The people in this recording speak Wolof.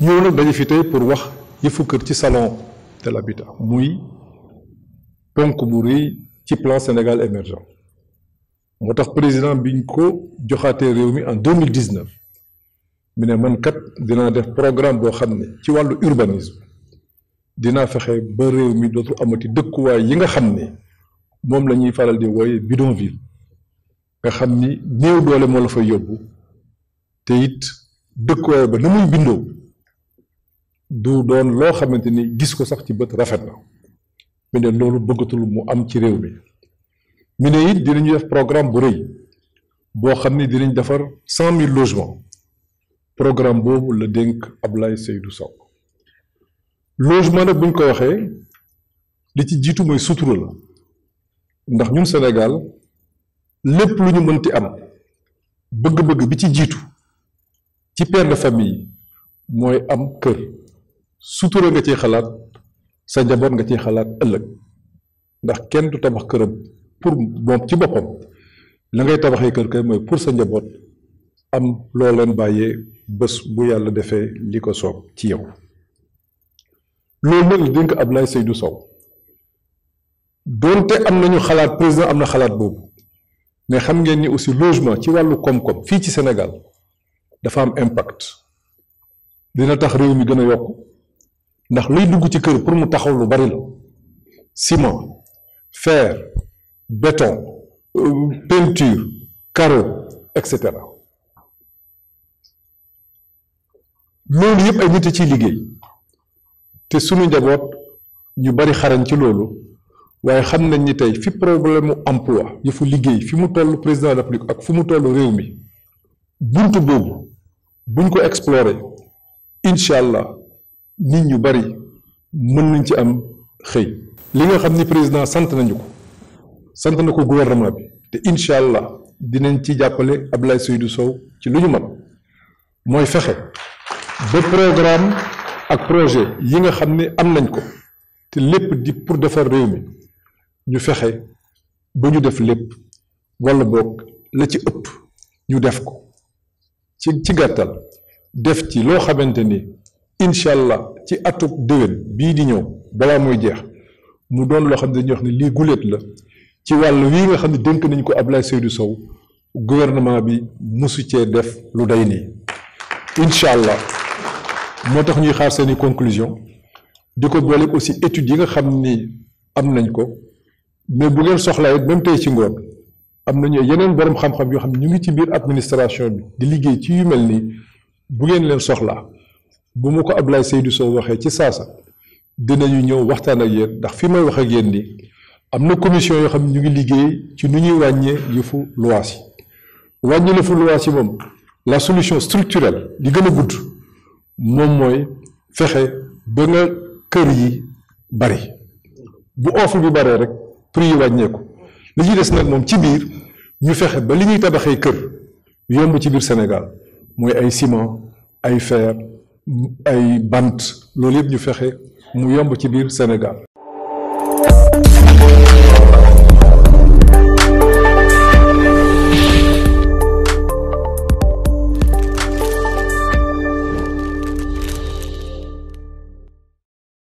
ñëw nag dañu fi tey pour wax yëfu kër ci salon de l'habitat muy ponk bu rëy ci plan Sénégal émergent moo tax président biñ ko joxaatee réew mi en 2019 mille mu ne man kat dinaa def programme boo xam ne ci wàllu urbanisme dinaa fexe ba réew mi dootul amati dëkkuwaay yi nga xam ne moom la ñuy faral di wooye bidonville nga xam ni néew doole moo la fay yóbbu te it dëkkuwaay ba na muy bindoo du doon loo xamante ni gis ko sax ci bët rafet na mu ne loolu bëggatul mu am ci réew mi mu ne it dinañu def programme bu rëy boo xam ne dinañ defar cent mille logements programme boobu la dénk Ablaye Seydou Sow logement nag buñ ko waxee li ci jiitu mooy sutura la ndax ñun Sénégal lépp lu ñu mënti am bëgg-bëgg bi ci jiitu ci père de famille mooy am kër sutura nga ci xalaat sa njaboot nga ciy xalaat ëllëg ndax kenn du tabax këram pour moom ci boppam la ngay tabaxee kër kër mooy pour sa njaboot am loo leen bàyyee bés bu yàlla defee li ko soob ci yow loolu nag la dénk Ablaye Seydou soow doonte am nañu xalaat président am na xalaat boobu mais xam ngeen ni aussi logement ci wàllu koom-koom fii ci Sénégal dafa am impact dina tax réew mi gën a yokk ndax luy dugg ci pour mu taxaw lu bari ciment fer béton euh, peinture carreau etc. cetera loolu yëpp ay nit ci liggéey njaboot ñu bari ci problème emploi yëfu liggéey fi mu président de la République ak mu réew explorer nit ñu bari mën nañ ci am xëy li nga xam ni président sant nañu ko sant na ko gouvernement bi te incha allah dinañ ci jàppale Ablaye Seydou Sow ci lu ñu mën mooy fexe ba programme ak projet yi nga xam ne am nañ ko te lépp di pour defar réew mi ñu fexe ba ñu def lépp wala boog la ci ëpp ñu def ko ci ci gàttal def ci loo xamante ni incha allah ci atub déwén bii di ñëw balaa muy jeex mu doon loo xam ne dañuy wax ne lii guléet la ci wàll wii nga xam ne dénk nañ ko Abdoulaye Seydou Sow gouvernement bi musu cee def lu day nii incha allah moo tax ñuy xaar seeni conclusion di ko boole aussi études yi nga xam ni am nañ ko mais bu ngeen soxlaa it même tey ci ngoon am nañu yeneen borom xam-xam yoo xam ñu ngi ci biir administration bi di liggéey ci yu mel ni bu ngeen leen soxlaa bu ma ko Seydou Sow waxee ci saasa dinañu ñëw waxtaan ak yéen ndax fi may wax ak commission yoo xam ñu ngi liggéey ci la solution structurelle li gën a gudd moom mooy fexe kër bari bu offre bi rek prix yi wàññeeku li ci des nag moom ci biir ñu fexe ba li Sénégal ay ciment fer ay bant loolu yëpp ñu fexe mu yomb ci biir Sénégal